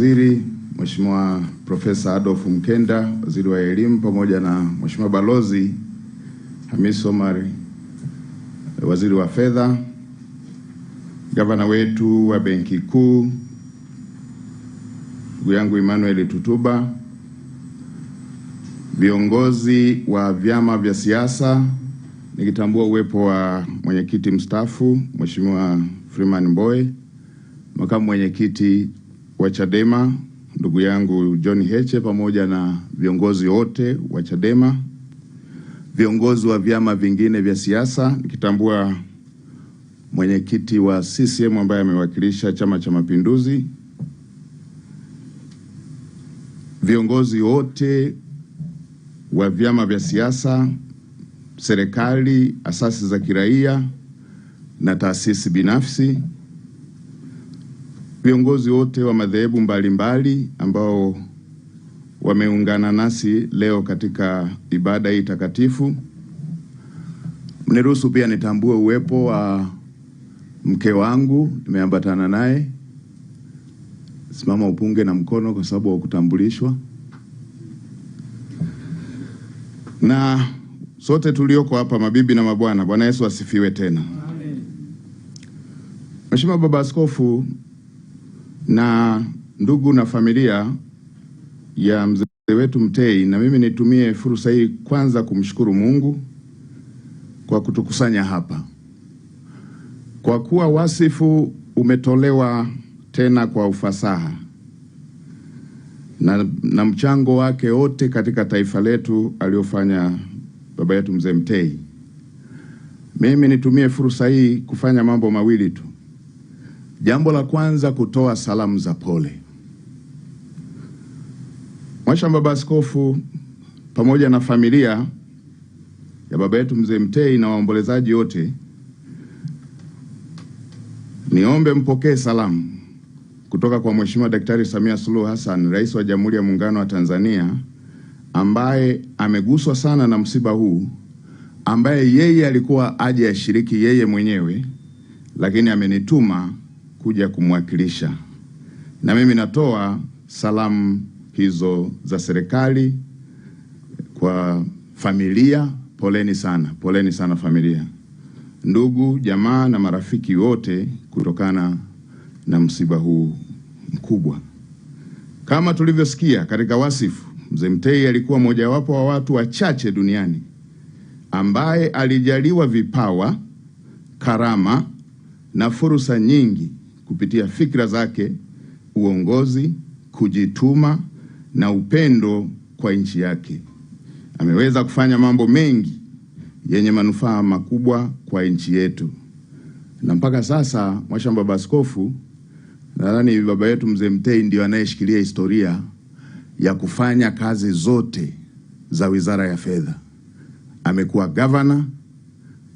Waziri Mheshimiwa Profesa Adolf Mkenda, waziri wa elimu, pamoja na Mheshimiwa Balozi Hamis Omar, waziri wa fedha, gavana wetu wa benki kuu, ndugu yangu Emmanuel Tutuba, viongozi wa vyama vya siasa, nikitambua uwepo wa mwenyekiti mstaafu Mheshimiwa Freeman Mbowe, makamu mwenyekiti wa Chadema ndugu yangu John Heche pamoja na viongozi wote wa Chadema, viongozi wa vyama vingine vya siasa, nikitambua mwenyekiti wa CCM ambaye amewakilisha Chama cha Mapinduzi, viongozi wote wa vyama vya siasa, serikali, asasi za kiraia na taasisi binafsi viongozi wote wa madhehebu mbalimbali ambao wameungana nasi leo katika ibada hii takatifu. Mniruhusu pia nitambue uwepo wa mke wangu, nimeambatana naye. Simama upunge na mkono kwa sababu haukutambulishwa. Na sote tulioko hapa, mabibi na mabwana, Bwana Yesu asifiwe tena. Amen. Mheshimiwa Baba Askofu, na ndugu na familia ya mzee wetu Mtei, na mimi nitumie fursa hii kwanza kumshukuru Mungu kwa kutukusanya hapa. Kwa kuwa wasifu umetolewa tena kwa ufasaha na, na mchango wake wote katika taifa letu aliofanya baba yetu mzee Mtei, mimi nitumie fursa hii kufanya mambo mawili tu. Jambo la kwanza kutoa salamu za pole. Mhashamu Baba Askofu pamoja na familia ya baba yetu mzee Mtei na waombolezaji wote, niombe mpokee salamu kutoka kwa Mheshimiwa Daktari Samia Suluhu Hassan, Rais wa Jamhuri ya Muungano wa Tanzania, ambaye ameguswa sana na msiba huu, ambaye yeye alikuwa aje ashiriki yeye mwenyewe, lakini amenituma kuja kumwakilisha, na mimi natoa salamu hizo za serikali kwa familia. Poleni sana, poleni sana familia, ndugu jamaa na marafiki wote, kutokana na msiba huu mkubwa. Kama tulivyosikia katika wasifu, mzee Mtei alikuwa mojawapo wa watu wachache duniani ambaye alijaliwa vipawa, karama na fursa nyingi kupitia fikra zake, uongozi, kujituma na upendo kwa nchi yake. Ameweza kufanya mambo mengi yenye manufaa makubwa kwa nchi yetu, na mpaka sasa Mwashamba Baba Askofu, nadhani baba yetu Mzee Mtei ndio anayeshikilia historia ya kufanya kazi zote za Wizara ya Fedha. Amekuwa gavana,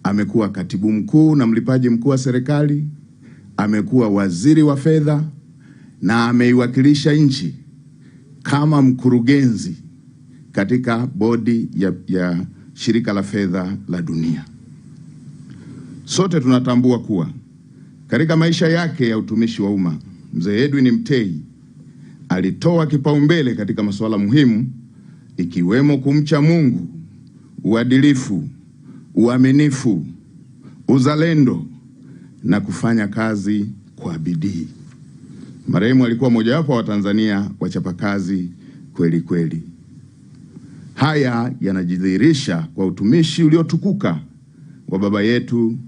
amekuwa katibu mkuu na mlipaji mkuu wa serikali, amekuwa waziri wa fedha na ameiwakilisha nchi kama mkurugenzi katika bodi ya, ya shirika la fedha la dunia. Sote tunatambua kuwa katika maisha yake ya utumishi wa umma Mzee Edwin Mtei alitoa kipaumbele katika masuala muhimu ikiwemo kumcha Mungu, uadilifu, uaminifu, uzalendo na kufanya kazi kwa bidii. Marehemu alikuwa mojawapo wa Watanzania wachapakazi kweli kweli. Haya yanajidhihirisha kwa utumishi uliotukuka wa baba yetu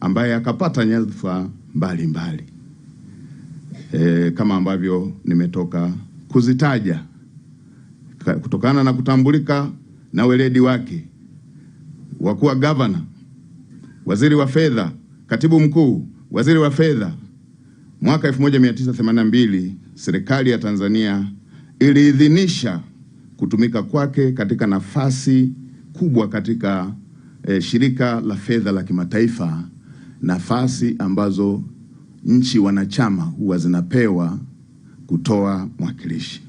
ambaye akapata nyadhifa mbalimbali e, kama ambavyo nimetoka kuzitaja. Kutokana na kutambulika na weledi wake, wakuwa gavana, waziri wa fedha Katibu Mkuu, Waziri wa Fedha, mwaka 1982 serikali ya Tanzania iliidhinisha kutumika kwake katika nafasi kubwa katika eh, shirika la fedha la kimataifa, nafasi ambazo nchi wanachama huwa zinapewa kutoa mwakilishi.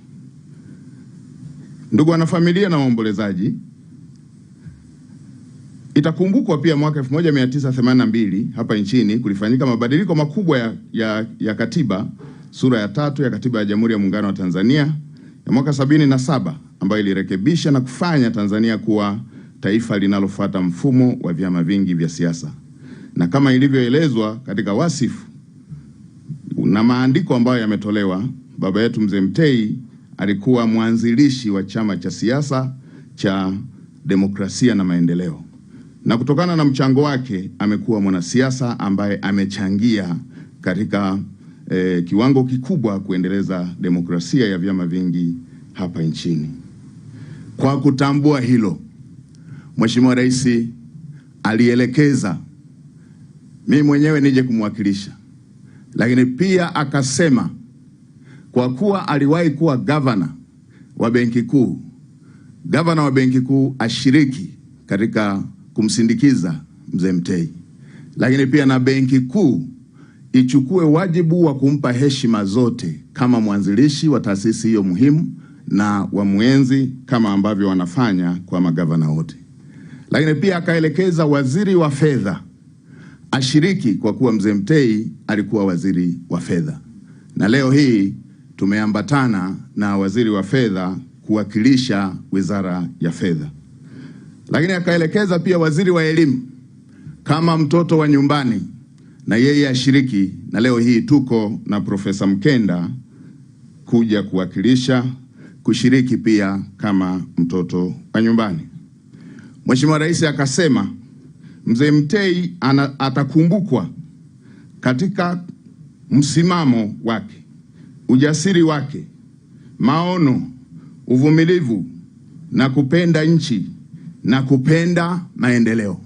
Ndugu wanafamilia na waombolezaji Itakumbukwa pia mwaka 1982 hapa nchini kulifanyika mabadiliko makubwa ya, ya, ya katiba sura ya tatu ya katiba ya Jamhuri ya Muungano wa Tanzania ya mwaka 77 ambayo ilirekebisha na kufanya Tanzania kuwa taifa linalofuata mfumo wa vyama vingi vya siasa, na kama ilivyoelezwa katika wasifu na maandiko ambayo yametolewa, baba yetu Mzee Mtei alikuwa mwanzilishi wa chama cha siasa cha demokrasia na maendeleo na kutokana na mchango wake amekuwa mwanasiasa ambaye amechangia katika eh, kiwango kikubwa kuendeleza demokrasia ya vyama vingi hapa nchini. Kwa kutambua hilo, Mheshimiwa Rais alielekeza mimi mwenyewe nije kumwakilisha, lakini pia akasema kwa kuwa aliwahi kuwa gavana wa Benki Kuu, gavana wa Benki Kuu ashiriki katika kumsindikiza mzee Mtei, lakini pia na benki kuu ichukue wajibu wa kumpa heshima zote kama mwanzilishi wa taasisi hiyo muhimu na wa mwenzi kama ambavyo wanafanya kwa magavana wote. Lakini pia akaelekeza waziri wa fedha ashiriki kwa kuwa mzee Mtei alikuwa waziri wa fedha, na leo hii tumeambatana na waziri wa fedha kuwakilisha wizara ya fedha lakini akaelekeza pia waziri wa elimu kama mtoto wa nyumbani na yeye ashiriki, na leo hii tuko na Profesa Mkenda kuja kuwakilisha kushiriki pia kama mtoto wa nyumbani. Mheshimiwa Rais akasema Mzee Mtei ana, atakumbukwa katika msimamo wake, ujasiri wake, maono, uvumilivu na kupenda nchi na kupenda maendeleo.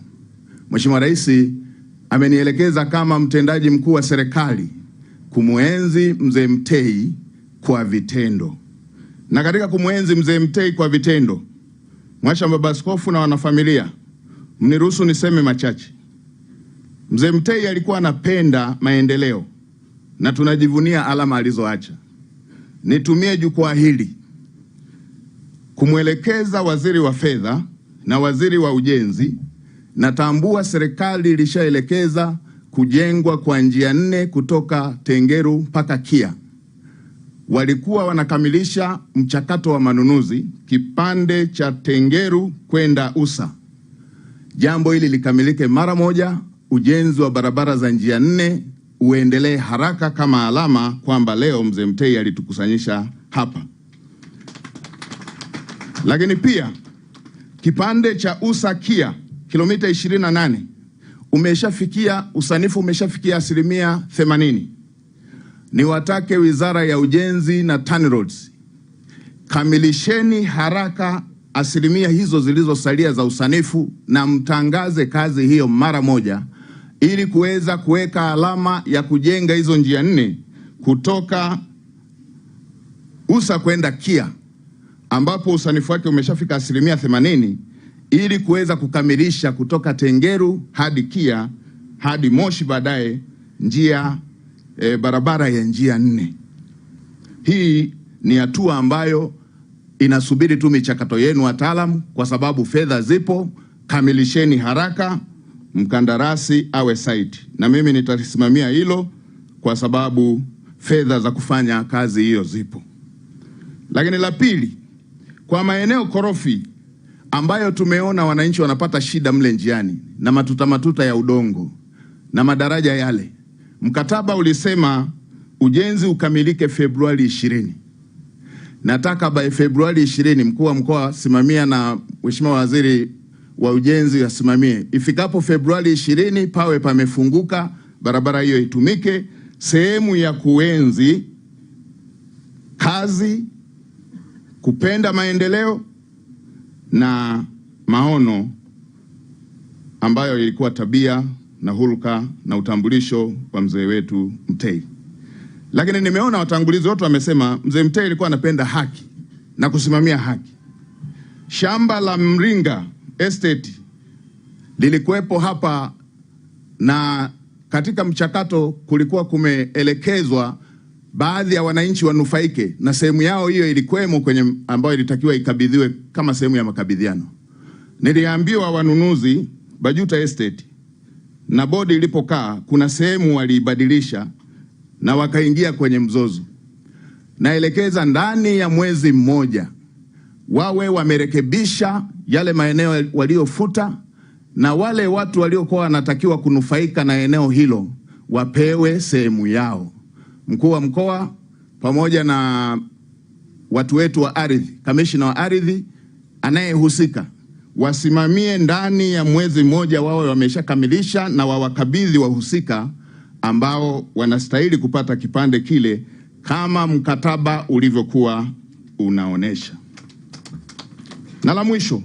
Mheshimiwa Rais amenielekeza kama mtendaji mkuu wa serikali kumwenzi Mzee Mtei kwa vitendo, na katika kumwenzi Mzee Mtei kwa vitendo, Mhashamu Baba Askofu na wanafamilia, mniruhusu niseme machache. Mzee Mtei alikuwa anapenda maendeleo na tunajivunia alama alizoacha. Nitumie jukwaa hili kumwelekeza waziri wa fedha na waziri wa ujenzi, natambua serikali ilishaelekeza kujengwa kwa njia nne kutoka Tengeru mpaka Kia. Walikuwa wanakamilisha mchakato wa manunuzi kipande cha Tengeru kwenda Usa. Jambo hili likamilike mara moja, ujenzi wa barabara za njia nne uendelee haraka kama alama kwamba leo Mzee Mtei alitukusanyisha hapa. Lakini pia Kipande cha Usa KIA kilomita 28 umeshafikia usanifu umeshafikia asilimia 80. Niwatake Wizara ya Ujenzi na TANROADS, kamilisheni haraka asilimia hizo zilizosalia za usanifu na mtangaze kazi hiyo mara moja ili kuweza kuweka alama ya kujenga hizo njia nne kutoka Usa kwenda KIA ambapo usanifu wake umeshafika asilimia 80 ili kuweza kukamilisha kutoka Tengeru hadi Kia hadi Moshi, baadaye njia e, barabara ya njia nne. Hii ni hatua ambayo inasubiri tu michakato yenu wataalamu, kwa sababu fedha zipo. Kamilisheni haraka, mkandarasi awe site, na mimi nitasimamia hilo kwa sababu fedha za kufanya kazi hiyo zipo. Lakini la pili kwa maeneo korofi ambayo tumeona wananchi wanapata shida mle njiani na matuta matuta ya udongo na madaraja yale, mkataba ulisema ujenzi ukamilike Februari ishirini. Nataka by Februari ishirini, mkuu wa mkoa simamia na mheshimiwa waziri wa ujenzi asimamie, ifikapo Februari ishirini pawe pamefunguka, barabara hiyo itumike sehemu ya kuenzi kazi kupenda maendeleo na maono ambayo ilikuwa tabia na hulka na utambulisho wa mzee wetu Mtei. Lakini nimeona watangulizi wote wamesema mzee Mtei alikuwa anapenda haki na kusimamia haki. Shamba la Mringa Estate lilikuwepo hapa na katika mchakato kulikuwa kumeelekezwa baadhi ya wananchi wanufaike na sehemu yao hiyo ilikwemo kwenye ambayo ilitakiwa ikabidhiwe kama sehemu ya makabidhiano. Niliambiwa wanunuzi Bajuta Estate na bodi ilipokaa, kuna sehemu waliibadilisha na wakaingia kwenye mzozo. Naelekeza ndani ya mwezi mmoja wawe wamerekebisha yale maeneo waliofuta, na wale watu waliokuwa wanatakiwa kunufaika na eneo hilo wapewe sehemu yao mkuu wa mkoa pamoja na watu wetu wa ardhi, kamishina wa ardhi anayehusika wasimamie ndani ya mwezi mmoja, wawe wameshakamilisha na wawakabidhi wahusika ambao wanastahili kupata kipande kile kama mkataba ulivyokuwa unaonesha. Na la mwisho,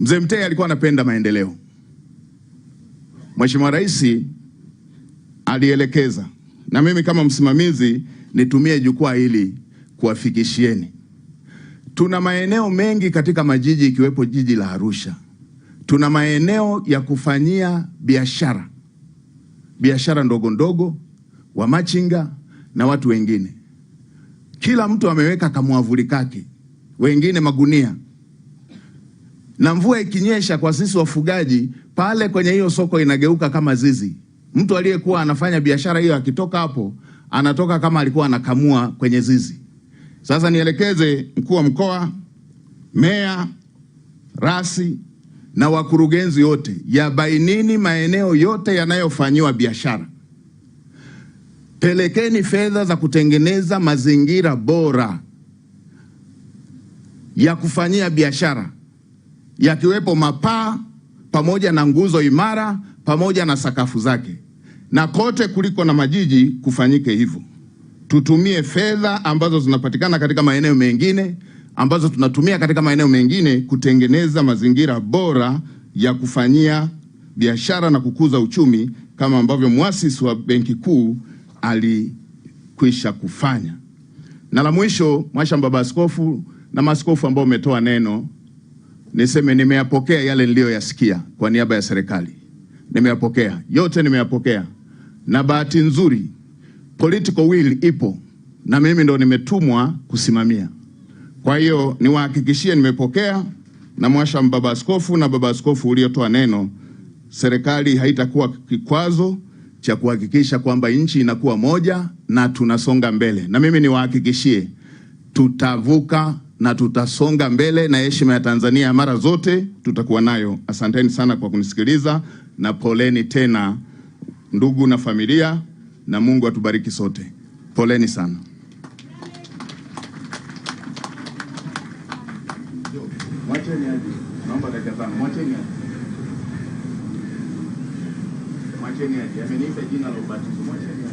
mzee Mtei alikuwa anapenda maendeleo. Mheshimiwa Rais alielekeza, na mimi kama msimamizi nitumie jukwaa hili kuwafikishieni. Tuna maeneo mengi katika majiji ikiwepo jiji la Arusha, tuna maeneo ya kufanyia biashara, biashara ndogo ndogo, machinga na watu wengine. Kila mtu ameweka kamwavuli kake, wengine magunia na mvua ikinyesha, kwa sisi wafugaji pale kwenye hiyo soko inageuka kama zizi. Mtu aliyekuwa anafanya biashara hiyo akitoka hapo anatoka kama alikuwa anakamua kwenye zizi. Sasa nielekeze mkuu wa mkoa, meya, rasi na wakurugenzi wote, yabainini maeneo yote yanayofanyiwa biashara, pelekeni fedha za kutengeneza mazingira bora ya kufanyia biashara, yakiwepo mapaa pamoja na nguzo imara pamoja na sakafu zake na kote kuliko na majiji kufanyike hivyo. Tutumie fedha ambazo zinapatikana katika maeneo mengine ambazo tunatumia katika maeneo mengine kutengeneza mazingira bora ya kufanyia biashara na kukuza uchumi kama ambavyo mwasisi wa Benki Kuu alikwisha kufanya. Na la mwisho, Mwashamba, baba askofu na maaskofu ambao umetoa neno, niseme nimeyapokea yale niliyoyasikia kwa niaba ya serikali. Nimeyapokea yote, nimeyapokea na bahati nzuri political will ipo na mimi ndo nimetumwa kusimamia. Kwa hiyo niwahakikishie, nimepokea na mwasha mbaba askofu na baba askofu uliotoa neno, serikali haitakuwa kikwazo cha kuhakikisha kwamba nchi inakuwa moja na tunasonga mbele, na mimi niwahakikishie tutavuka na tutasonga mbele na heshima ya Tanzania mara zote tutakuwa nayo. Asanteni sana kwa kunisikiliza na poleni tena ndugu na familia, na Mungu atubariki sote. Poleni sana. Mwacheni aje. Ameniita jina la ubatizo. Mwacheni. aje.